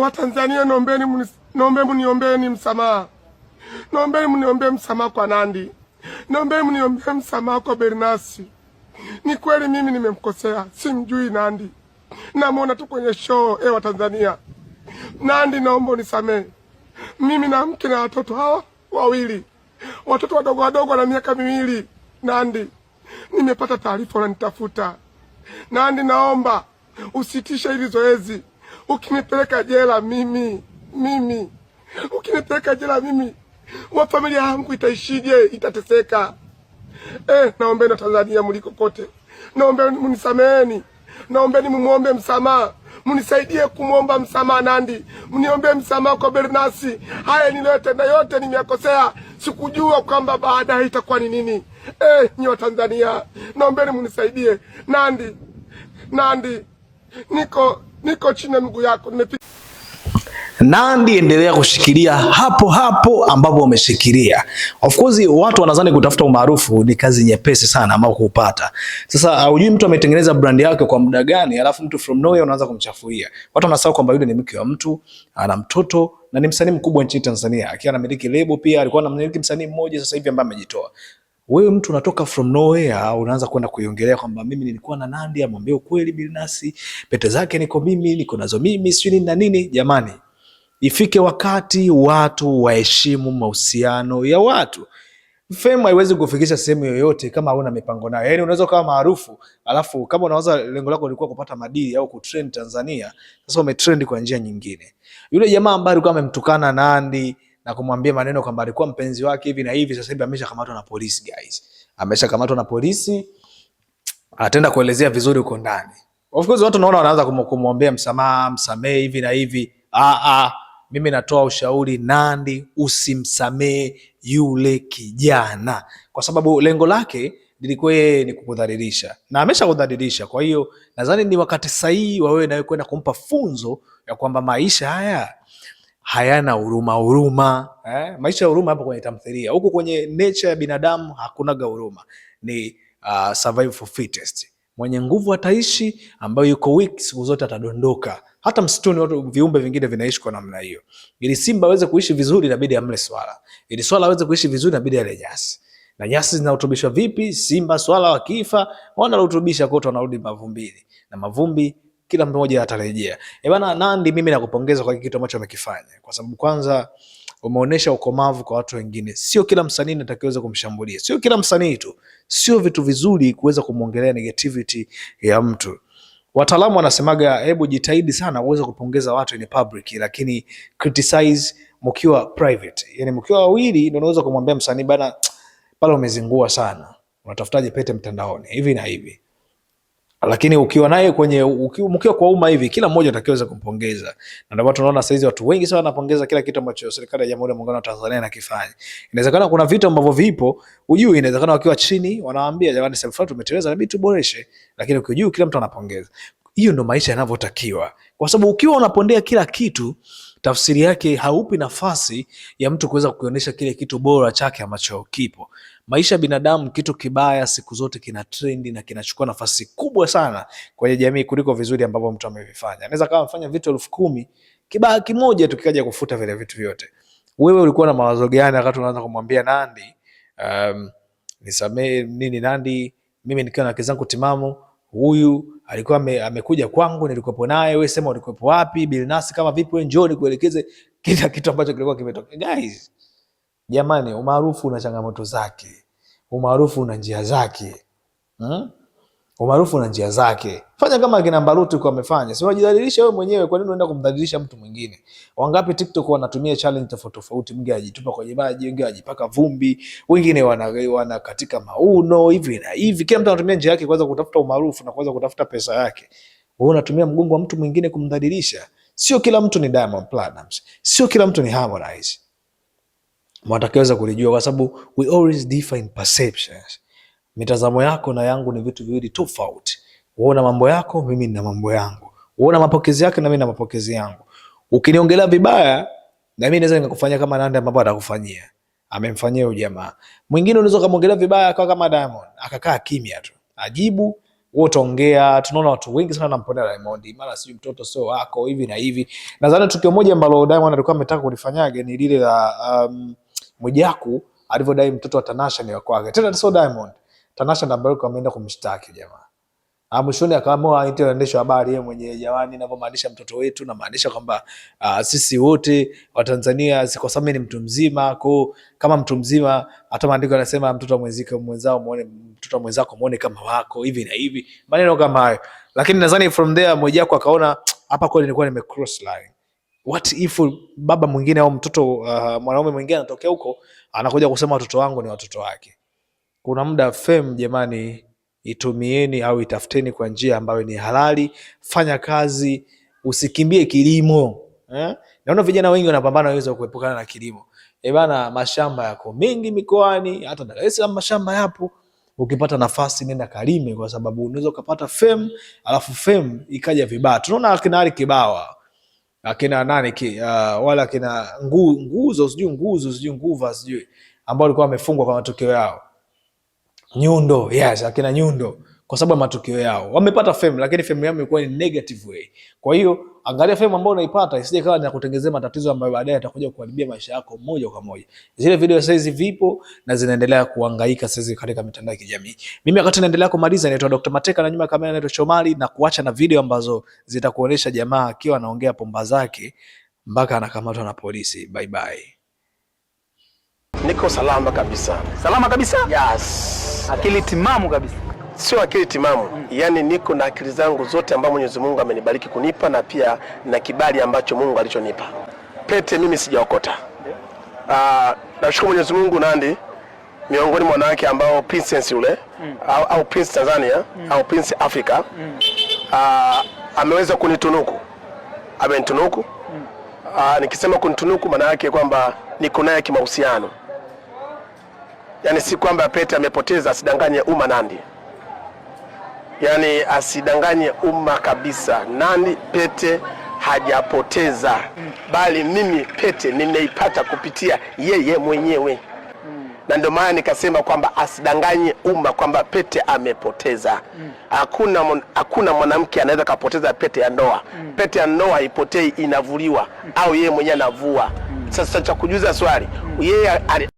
Watanzania, nombeni nombe mniombeni msamaha, nombeni mniombee msamaha kwa Nandi, nombeni mniombee msamaha kwa Bernasi. Ni kweli mimi nimemkosea, simjui Nandi, namwona tu kwenye show. E Watanzania, Nandi naomba unisamehe. Mimi na mke na watoto hawa wawili, watoto wadogo wadogo, na miaka miwili. Nandi, nimepata taarifa unanitafuta. Nandi, naomba usitishe hili zoezi ukinipeleka jela mimi mimi, ukinipeleka jela mimi, wa familia yangu itaishije? Itateseka. Eh, naombeni Watanzania mliko kote, naombeni munisameheni, naombeni mumwombe msamaha munisaidie kumwomba msamaha Nandi, mniombee msamaha kwa Bernasi. Haya niliyotenda yote nimeyakosea, sikujua kwamba baadaye itakuwa ni nini. Eh, nyi Watanzania, naombeni munisaidie Nandi, Nandi niko niko chini ya miguu yako, nimepiga Nandi endelea kushikilia hapo hapo ambapo umeshikilia. Of course watu wanadhani kutafuta umaarufu ni kazi nyepesi sana ama kuupata. Sasa uh, hujui mtu ametengeneza brand yake kwa muda gani, alafu mtu from nowhere unaanza kumchafuria. Watu wanasahau kwamba yule ni mke wa mtu, ana mtoto na ni msanii mkubwa nchini Tanzania, akiwa anamiliki lebo pia, alikuwa anamiliki msanii mmoja sasa hivi ambaye amejitoa wewe mtu unatoka from nowhere unaanza kwenda kuiongelea kwamba mimi nilikuwa na Nandy, amwambie ukweli Bilnass, pete zake niko mimi niko nazo mimi, sijui nini na nini. Jamani, ifike wakati watu waheshimu mahusiano ya watu. Fame haiwezi kufikisha sehemu yoyote kama una mipango nayo. Yaani unaweza ukawa maarufu, alafu kama unawaza lengo lako lilikuwa kupata madili au kutrend Tanzania, sasa umetrend kwa njia nyingine. Yule jamaa ambaye alikuwa amemtukana Nandy na kumwambia maneno kwamba alikuwa mpenzi wake hivi na hivi, sasa hivi ameshakamatwa na polisi. Guys, ameshakamatwa na polisi, ataenda kuelezea vizuri huko ndani. Of course watu naona wanaanza kumwombea msamaha, msamee hivi na hivi. Ah, ah, mimi natoa ushauri Nandy, usimsamee yule kijana, kwa sababu lengo lake lilikuwa yeye ni kukudhalilisha na ameshakudhalilisha. Kwa hiyo nadhani ni wakati sahihi wa wewe na wewe kwenda kumpa funzo ya kwamba maisha haya hayana huruma huruma eh? Maisha ya huruma hapo kwenye tamthilia, huku kwenye nature ya binadamu hakunaga huruma, ni uh, ah, survival for fittest. Mwenye nguvu ataishi, ambayo yuko weak siku zote atadondoka. Hata msituni watu viumbe vingine vinaishi kwa namna hiyo. Ili simba aweze kuishi vizuri, inabidi amle swala. Ili swala aweze kuishi vizuri, inabidi ale nyasi. Na nyasi zinarutubishwa vipi? Simba swala wakifa, wanarutubisha kote, wanarudi mavumbini na mavumbi kila mmoja atarejea. Eh bana, Nandy, mimi nakupongeza kwa kitu ambacho amekifanya, kwa sababu kwanza umeonyesha ukomavu kwa watu wengine. Sio kila msanii natakiweza kumshambulia, sio kila msanii tu, sio vitu vizuri kuweza kumwongelea negativity ya mtu. Wataalamu wanasemaga hebu jitahidi sana uweze kupongeza watu in public, lakini criticize mkiwa private, yani mkiwa wawili ndio unaweza kumwambia msanii bana, pale umezingua sana, unatafutaje pete mtandaoni hivi na hivi lakini ukiwa naye kwenye mkiwa kwa umma hivi, kila mmoja atakiweza kumpongeza, na ndio tunaona saizi watu wengi sana wanapongeza kila kitu ambacho serikali ya Jamhuri ya Muungano wa Tanzania inakifanya. Inawezekana kuna vitu ambavyo vipo ujui, inawezekana wakiwa chini wanawaambia jamani, sasa fulani tumeteleza, inabidi tuboreshe, lakini ukijuu kila mtu anapongeza. Hiyo ndo maisha yanavyotakiwa, kwa sababu ukiwa unapondea kila kitu, tafsiri yake haupi nafasi ya mtu kuweza kukionyesha kile kitu bora chake ambacho kipo. Maisha ya binadamu, kitu kibaya siku zote kina trendi na kinachukua nafasi kubwa sana kwenye jamii kuliko vizuri ambavyo mtu amevifanya. Anaweza kama amefanya vitu elfu kumi kibaya kimoja tu kikaja kufuta vile vitu vyote. Wewe ulikuwa na mawazo gani wakati unaanza kumwambia Nandi um, ehm, nisamee nini Nandi, mimi nikiwa na akili zangu timamu huyu alikuwa me, amekuja kwangu, nilikuwepo naye, wewe sema ulikuwepo wapi? Bilnasi kama vipi, wewe njoo nikuelekeze kila kitu ambacho kilikuwa kimetokea. Guys, jamani, umaarufu una changamoto zake, umaarufu una njia zake hmm? umaarufu na njia zake. Fanya kama akina Mbaruti kwa amefanya, si unajidhalilisha wewe mwenyewe, kwa nini unaenda kumdhalilisha mtu mwingine? Wangapi TikTok wanatumia challenge tofauti tofauti, mwingine anajitupa kwenye maji, wengine anajipaka vumbi, wengine wana wana katika mauno hivi na hivi. Kila mtu anatumia njia yake kuweza kutafuta umaarufu na kuweza kutafuta pesa yake. Wewe unatumia mgongo wa mtu mwingine kumdhalilisha. Sio kila mtu ni Diamond Platnumz, sio kila mtu ni Harmonize. Mwatakaweza kulijua kwa sababu we always define perceptions. Mitazamo yako na yangu ni vitu viwili tofauti. Wewe una mambo yako, mimi nina mambo yangu. Wewe una mapokezi yako na mimi na mapokezi yangu. Ukiniongelea vibaya, na mimi naweza nikakufanyia kama Nandy ambapo atakufanyia. Amemfanyia huyo jamaa. Mwingine unaweza kumwongelea vibaya akawa kama Diamond, akakaa kimya tu. Ajibu wewe utaongea. Tunaona watu wengi sana wanampenda Diamond, mara sijui mtoto sio wako hivi na hivi. Nadhani tukio moja ambalo Diamond alikuwa ametaka kulifanyaga ni lile la um, Mwijaku alivyodai mtoto wa Tanasha ni wako wake. Tena sio Diamond. Tanasha na Baraka wameenda kumshtaki jamaa. Ah, mwishoni akaamua aite waandishi wa habari yeye mwenyewe, jamani, ninavyomaanisha mtoto wetu namaanisha kwamba uh, sisi wote Watanzania, kwa sababu ni mtu mzima. Kwa kama mtu mzima, hata maandiko yanasema mtoto mwenzake mwenzao muone, mtoto mwenzako muone kama wako hivi na hivi, maneno kama hayo. Lakini nadhani from there mmoja Mwijaku akaona hapa kweli nilikuwa nime cross line. What if baba mwingine au mtoto uh, mwanaume mwingine anatokea huko anakuja kusema watoto wangu ni watoto wake kuna muda fem jamani, itumieni au itafuteni kwa njia ambayo ni halali. Fanya kazi, usikimbie kilimo eh? Naona vijana wengi wanapambana waweza kuepukana na kilimo eh bana, mashamba yako mengi mikoani, hata Dar es Salaam mashamba yapo. Ukipata nafasi nenda kalime, kwa sababu unaweza ukapata fem alafu fem ikaja vibaya. Tunaona akina Ali Kibawa akina nani ki, uh, wala akina ngu, nguzo sijui nguzo sijui nguva sijui ambao walikuwa wamefungwa kwa matokeo yao Nyundo, yes, akina Nyundo kwa sababu ya matukio yao wamepata fame, lakini fame yao imekuwa ni negative way. Kwa hiyo angalia fame ambayo unaipata isije kawa kutengenezea matatizo ambayo baadaye yatakuja kuharibia maisha yako moja kwa moja. Zile video saizi vipo na zinaendelea kuhangaika saizi katika mitandao ya kijamii. Mimi wakati naendelea kumaliza, naitwa Dr. Mateka na nyuma ya kamera naitwa Shomari, na kuacha na video ambazo zitakuonesha jamaa akiwa anaongea pomba zake mpaka anakamatwa na polisi. Bye bye. Niko salama kabisa. Salama kabisa? Yes. Akili timamu kabisa. Sio akili timamu mm. Yaani niko na akili zangu zote ambazo Mwenyezi Mungu amenibariki kunipa na pia na kibali ambacho Mungu alichonipa. Pete mimi sijaokota. Ah, nashukuru Mwenyezi Mungu Nandi miongoni mwa wanawake ambao princess yule mm. au, au prince Tanzania mm. au prince Africa mm. ah, ameweza kunitunuku. Amenitunuku. Mm. Ah, nikisema kunitunuku maana yake kwamba niko naye kimahusiano. Mm yani si kwamba Pete amepoteza, asidanganye umma Nandi, yani asidanganye umma kabisa. Nandi Pete hajapoteza bali mimi Pete nimeipata kupitia yeye mwenyewe na ndio maana nikasema kwamba asidanganye umma kwamba Pete amepoteza mm. Hakuna, hakuna mwanamke anaweza kapoteza pete ya ndoa mm. Pete ya ndoa haipotei, inavuliwa mm, au yeye mwenyewe anavua mm. Sasa cha kujuza swali mm, yeye